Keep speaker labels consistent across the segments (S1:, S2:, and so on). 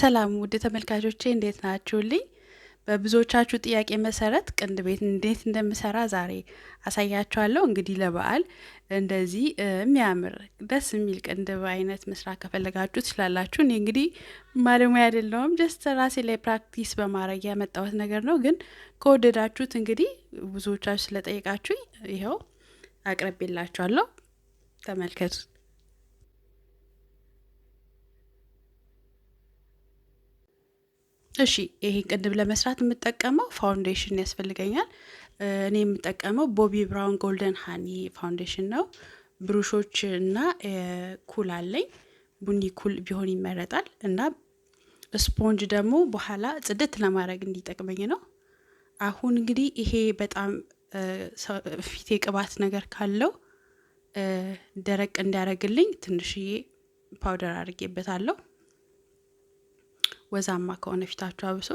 S1: ሰላም ውድ ተመልካቾቼ እንዴት ናችሁልኝ? በብዙዎቻችሁ ጥያቄ መሰረት ቅንድ ቤት እንዴት እንደምሰራ ዛሬ አሳያችኋለሁ። እንግዲህ ለበዓል እንደዚህ የሚያምር ደስ የሚል ቅንድብ አይነት መስራት ከፈለጋችሁ ትችላላችሁ። እኔ እንግዲህ ባለሙያ አይደለሁም፣ ጀስት ራሴ ላይ ፕራክቲስ በማድረግ ያመጣሁት ነገር ነው። ግን ከወደዳችሁት እንግዲህ ብዙዎቻችሁ ስለጠየቃችሁ ይኸው አቅርቤላችኋለሁ። ተመልከቱት። እሺ ይሄ ቅድም ለመስራት የምጠቀመው ፋውንዴሽን ያስፈልገኛል። እኔ የምጠቀመው ቦቢ ብራውን ጎልደን ሃኒ ፋውንዴሽን ነው። ብሩሾች እና ኩል አለኝ። ቡኒ ኩል ቢሆን ይመረጣል እና ስፖንጅ ደግሞ በኋላ ጽድት ለማድረግ እንዲጠቅመኝ ነው። አሁን እንግዲህ ይሄ በጣም ፊቴ ቅባት ነገር ካለው ደረቅ እንዲያደርግልኝ ትንሽዬ ፓውደር አድርጌበታለሁ። ወዛማ ከሆነ ፊታችሁ አብሶ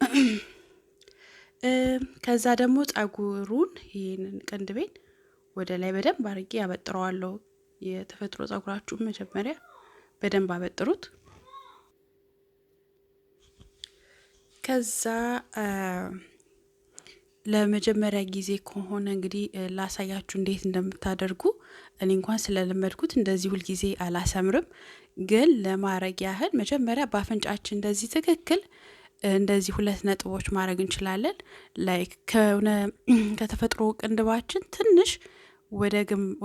S1: ከዛ ደግሞ ጸጉሩን ይህንን ቅንድቤን ወደ ላይ በደንብ አድርጌ ያበጥረዋለሁ። የተፈጥሮ ጸጉራችሁ መጀመሪያ በደንብ አበጥሩት። ከዛ ለመጀመሪያ ጊዜ ከሆነ እንግዲህ ላሳያችሁ እንዴት እንደምታደርጉ። እኔ እንኳን ስለለመድኩት እንደዚህ ሁልጊዜ አላሰምርም፣ ግን ለማድረግ ያህል መጀመሪያ በአፍንጫችን እንደዚህ ትክክል እንደዚህ ሁለት ነጥቦች ማድረግ እንችላለን። ላይክ ከሆነ ከተፈጥሮ ቅንድባችን ትንሽ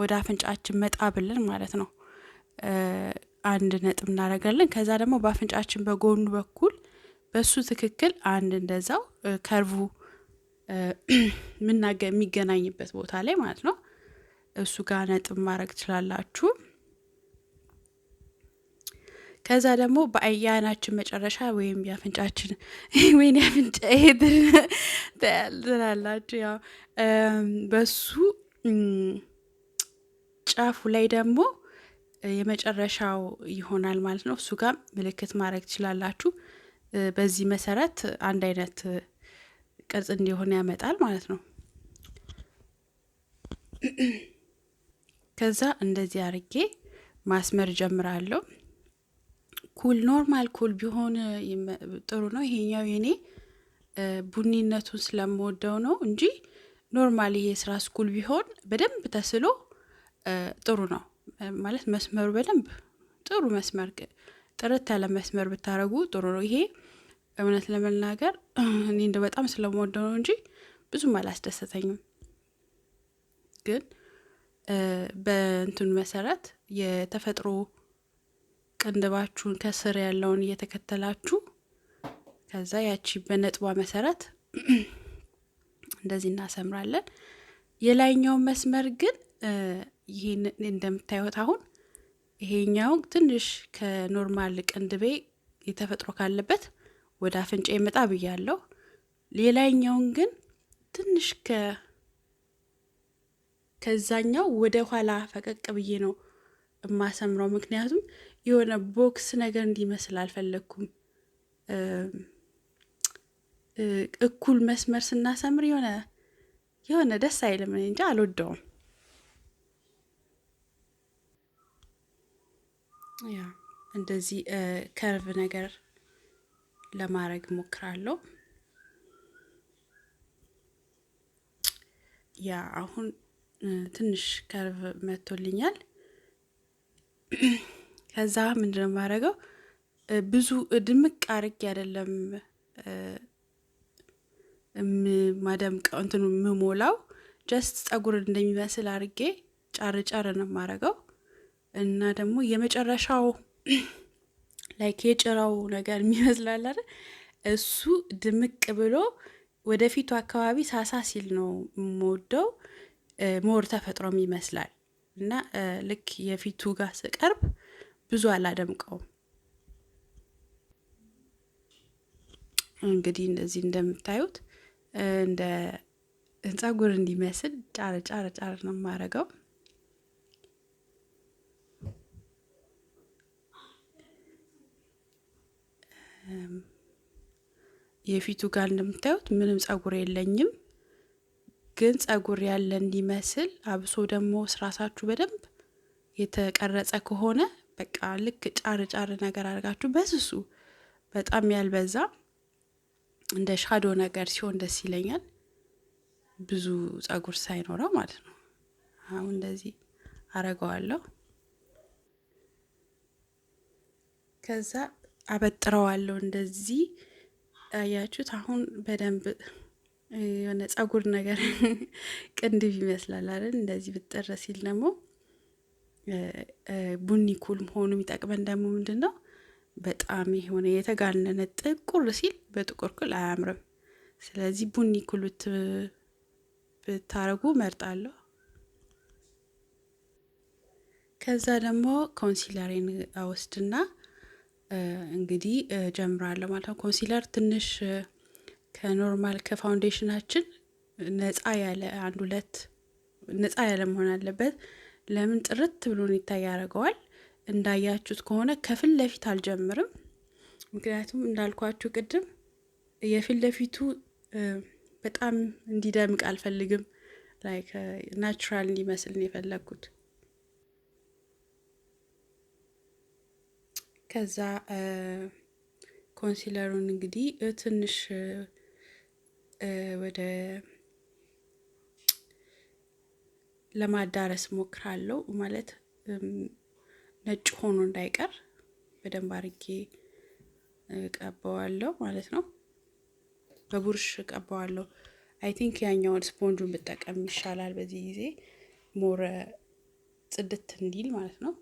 S1: ወደ አፍንጫችን መጣ ብለን ማለት ነው አንድ ነጥብ እናደርጋለን። ከዛ ደግሞ በአፍንጫችን በጎኑ በኩል በሱ ትክክል አንድ እንደዛው ከርቡ ምናገ የሚገናኝበት ቦታ ላይ ማለት ነው። እሱ ጋር ነጥብ ማድረግ ትችላላችሁ። ከዛ ደግሞ በአያናችን መጨረሻ ወይም የአፍንጫችን ወይም የአፍንጫ ትላላችሁ። ያው በሱ ጫፉ ላይ ደግሞ የመጨረሻው ይሆናል ማለት ነው። እሱ ጋር ምልክት ማድረግ ትችላላችሁ። በዚህ መሰረት አንድ አይነት ቅርጽ እንዲሆን ያመጣል ማለት ነው። ከዛ እንደዚህ አርጌ ማስመር ጀምራለሁ። ኩል ኖርማል ኩል ቢሆን ጥሩ ነው። ይሄኛው የኔ ቡኒነቱን ስለምወደው ነው እንጂ ኖርማል ይሄ ስራ ስኩል ቢሆን በደንብ ተስሎ ጥሩ ነው ማለት መስመሩ በደንብ ጥሩ መስመር ጥርት ያለ መስመር ብታረጉ ጥሩ ነው። ይሄ እውነት ለመናገር እኔ እንደ በጣም ስለምወደው ነው እንጂ ብዙም አላስደሰተኝም። ግን በእንትን መሰረት የተፈጥሮ ቅንድባችሁን ከስር ያለውን እየተከተላችሁ ከዛ ያቺ በነጥቧ መሰረት እንደዚህ እናሰምራለን። የላይኛውን መስመር ግን ይሄን እንደምታዩት አሁን ይሄኛው ትንሽ ከኖርማል ቅንድቤ የተፈጥሮ ካለበት ወደ አፍንጫ ይመጣ ብያለሁ። ሌላኛውን ግን ትንሽ ከዛኛው ወደ ኋላ ፈቀቅ ብዬ ነው የማሰምረው፣ ምክንያቱም የሆነ ቦክስ ነገር እንዲመስል አልፈለግኩም። እኩል መስመር ስናሰምር የሆነ የሆነ ደስ አይልም፣ እንጃ አልወደውም። ያ እንደዚህ ከርቭ ነገር ለማድረግ ሞክራለሁ። ያ አሁን ትንሽ ከርቭ መቶልኛል። ከዛ ነው የማደርገው? ብዙ ድምቅ አርግ አይደለም ማደምቀው እንትኑ የምሞላው ጀስት ጸጉር እንደሚመስል አርጌ ጫር ጫር ነው የማደርገው እና ደግሞ የመጨረሻው ላይክ የጭራው ነገር የሚመስላል አይደል? እሱ ድምቅ ብሎ ወደፊቱ አካባቢ ሳሳ ሲል ነው የምወደው። ሞር ተፈጥሮም ይመስላል እና ልክ የፊቱ ጋር ስቀርብ ብዙ አላደምቀውም። እንግዲህ እንደዚህ እንደምታዩት እንደ ፀጉር እንዲመስል ጫር ጫር ጫር ነው የማረገው። የፊቱ ጋር እንደምታዩት ምንም ጸጉር የለኝም፣ ግን ጸጉር ያለ እንዲመስል አብሶ ደግሞ ስራሳችሁ በደንብ የተቀረጸ ከሆነ በቃ ልክ ጫር ጫር ነገር አድርጋችሁ በስሱ በጣም ያልበዛ እንደ ሻዶ ነገር ሲሆን ደስ ይለኛል። ብዙ ጸጉር ሳይኖረው ማለት ነው። አሁን እንደዚህ አረገዋለሁ ከዛ አበጥረዋለሁ። እንደዚህ አያችሁት? አሁን በደንብ የሆነ ጸጉር ነገር ቅንድብ ይመስላል አይደል? እንደዚህ ብጠረ ሲል ደግሞ ቡኒ ኩል መሆኑ የሚጠቅመን ደግሞ ምንድን ነው? በጣም የሆነ የተጋነነ ጥቁር ሲል በጥቁር ኩል አያምርም። ስለዚህ ቡኒ ኩል ብታረጉ መርጣለሁ። ከዛ ደግሞ ኮንሲለሬን አወስድና እንግዲህ ጀምራለሁ ማለት ነው። ኮንሲለር ትንሽ ከኖርማል ከፋውንዴሽናችን ነፃ ያለ አንድ ሁለት ነፃ ያለ መሆን አለበት። ለምን ጥርት ብሎ ይታይ ያደርገዋል። እንዳያችሁት ከሆነ ከፊት ለፊት አልጀምርም። ምክንያቱም እንዳልኳችሁ ቅድም የፊት ለፊቱ በጣም እንዲደምቅ አልፈልግም። ላይክ ናቹራል እንዲመስል ነው የፈለግኩት። ከዛ ኮንሲለሩን እንግዲህ ትንሽ ወደ ለማዳረስ ሞክራለሁ ማለት ነጭ ሆኖ እንዳይቀር በደንብ አርጌ ቀባዋለሁ ማለት ነው። በቡርሽ ቀባዋለሁ። አይ ቲንክ ያኛውን ስፖንጁን ብጠቀም ይሻላል። በዚህ ጊዜ ሞረ ጽድት እንዲል ማለት ነው።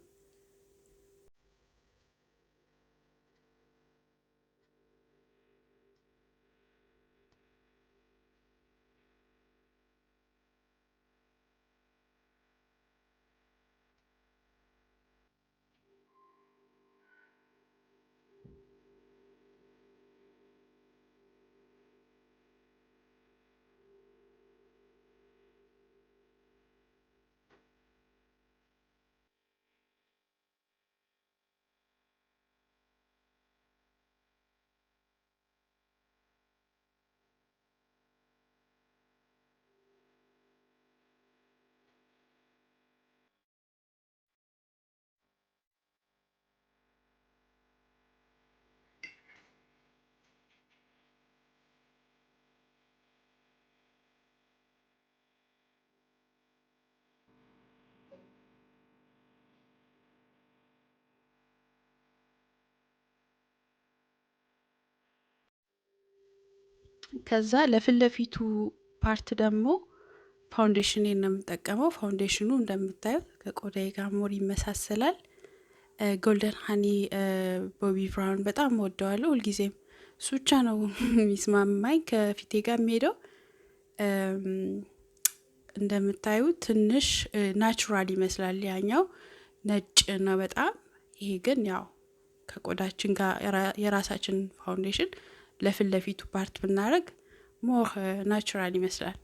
S1: ከዛ ለፊት ለፊቱ ፓርት ደግሞ ፋውንዴሽን ነው የምጠቀመው። ፋውንዴሽኑ እንደምታዩት ከቆዳዬ ጋር ሞር ይመሳሰላል። ጎልደን ሀኒ ቦቢ ብራውን በጣም ወደዋለሁ። ሁልጊዜም እሱ ብቻ ነው የሚስማማኝ ከፊቴ ጋር የሚሄደው። እንደምታዩ ትንሽ ናቹራል ይመስላል። ያኛው ነጭ ነው በጣም ይሄ ግን ያው ከቆዳችን ጋር የራሳችን ፋውንዴሽን ለፊት ለፊቱ ፓርት ብናደረግ ሞር ናቹራል uh, ይመስላል።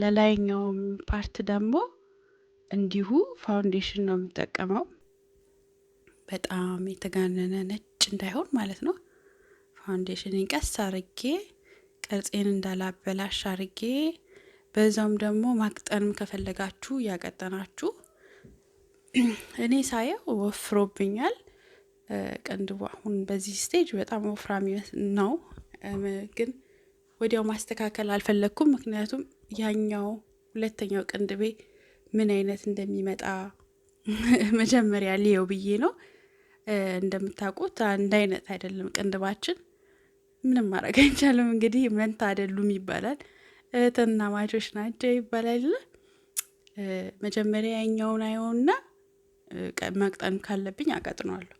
S1: ለላይኛው ፓርት ደግሞ እንዲሁ ፋውንዴሽን ነው የምጠቀመው። በጣም የተጋነነ ነጭ እንዳይሆን ማለት ነው። ፋውንዴሽን ቀስ አርጌ ቅርጼን እንዳላበላሽ አርጌ በዛውም ደግሞ ማቅጠንም ከፈለጋችሁ እያቀጠናችሁ። እኔ ሳየው ወፍሮብኛል። ቅንድቡ አሁን በዚህ ስቴጅ በጣም ወፍራም ነው ግን ወዲያው ማስተካከል አልፈለግኩም። ምክንያቱም ያኛው ሁለተኛው ቅንድቤ ምን አይነት እንደሚመጣ መጀመሪያ ልየው ብዬ ነው። እንደምታውቁት አንድ አይነት አይደለም ቅንድባችን። ምንም ማድረግ አይቻልም። እንግዲህ መንታ አይደሉም ይባላል፣ ማቾች ናቸው ይባላል። መጀመሪያ ያኛውን አየውና መቅጠን ካለብኝ አቀጥነዋለሁ።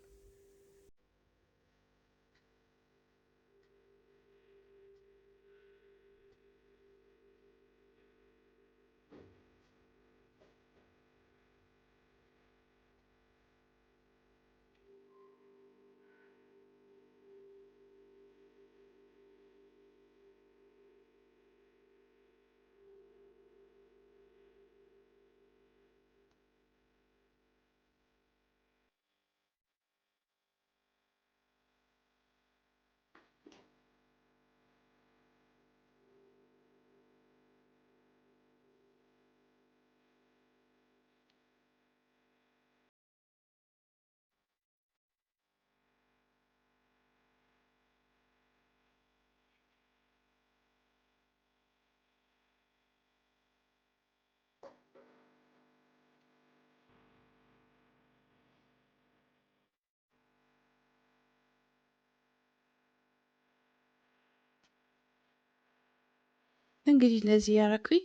S1: እንግዲህ ለዚህ እያረኩኝ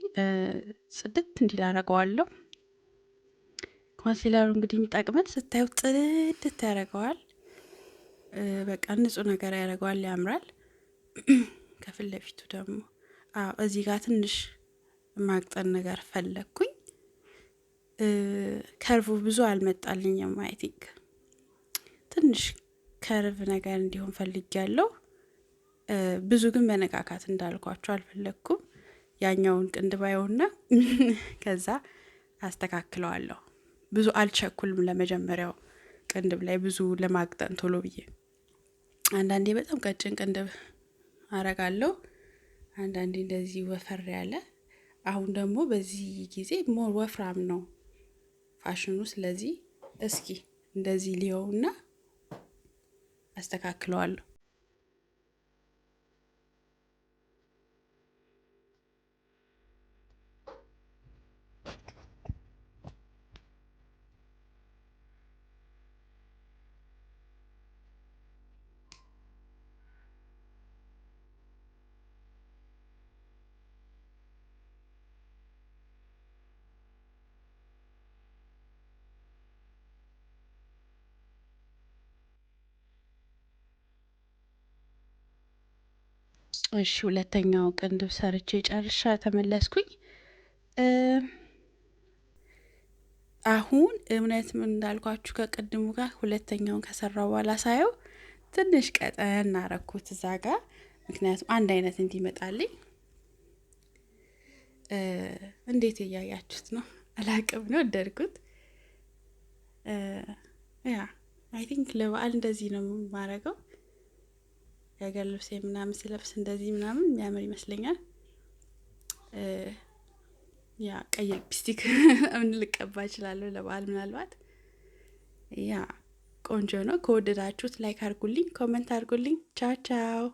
S1: ጽድት እንዲል አረገዋለሁ። ኮንሲለሩ እንግዲህ የሚጠቅመን ስታዩ ጽድት ያደረገዋል። በቃ ንጹህ ነገር ያደረገዋል፣ ያምራል። ከፊት ለፊቱ ደግሞ እዚህ ጋር ትንሽ ማቅጠን ነገር ፈለግኩኝ። ከርቡ ብዙ አልመጣልኝም። አይ ቲንክ ትንሽ ከርብ ነገር እንዲሆን ፈልጌያለሁ። ብዙ ግን መነካካት እንዳልኳቸው አልፈለግኩም። ያኛውን ቅንድባየውና ከዛ አስተካክለዋለሁ። ብዙ አልቸኩልም። ለመጀመሪያው ቅንድብ ላይ ብዙ ለማቅጠን ቶሎ ብዬ አንዳንዴ በጣም ቀጭን ቅንድብ አረጋለሁ። አንዳንዴ እንደዚህ ወፈር ያለ። አሁን ደግሞ በዚህ ጊዜ ሞር ወፍራም ነው ፋሽኑ። ስለዚህ እስኪ እንደዚህ ሊየውና አስተካክለዋለሁ። እሺ ሁለተኛው ቅንድብ ሰርቼ ጨርሻ ተመለስኩኝ። አሁን እምነት ምን እንዳልኳችሁ ከቅድሙ ጋር ሁለተኛውን ከሰራው በኋላ ሳየው ትንሽ ቀጠን እናረኩት እዛ ጋር፣ ምክንያቱም አንድ አይነት እንዲመጣልኝ። እንዴት እያያችሁት ነው አላቅም ነው ወደድኩት። ያ አይ ቲንክ ለበዓል እንደዚህ ነው የማረገው። የሀገር ልብስ ምናምን ስለብስ እንደዚህ ምናምን የሚያምር ይመስለኛል። ያ ቀይ ሊፕስቲክ ምን ልቀባ እችላለሁ ለበዓል ምናልባት። ያ ቆንጆ ነው። ከወደዳችሁት ላይክ አድርጉልኝ፣ ኮመንት አድርጉልኝ። ቻው ቻው።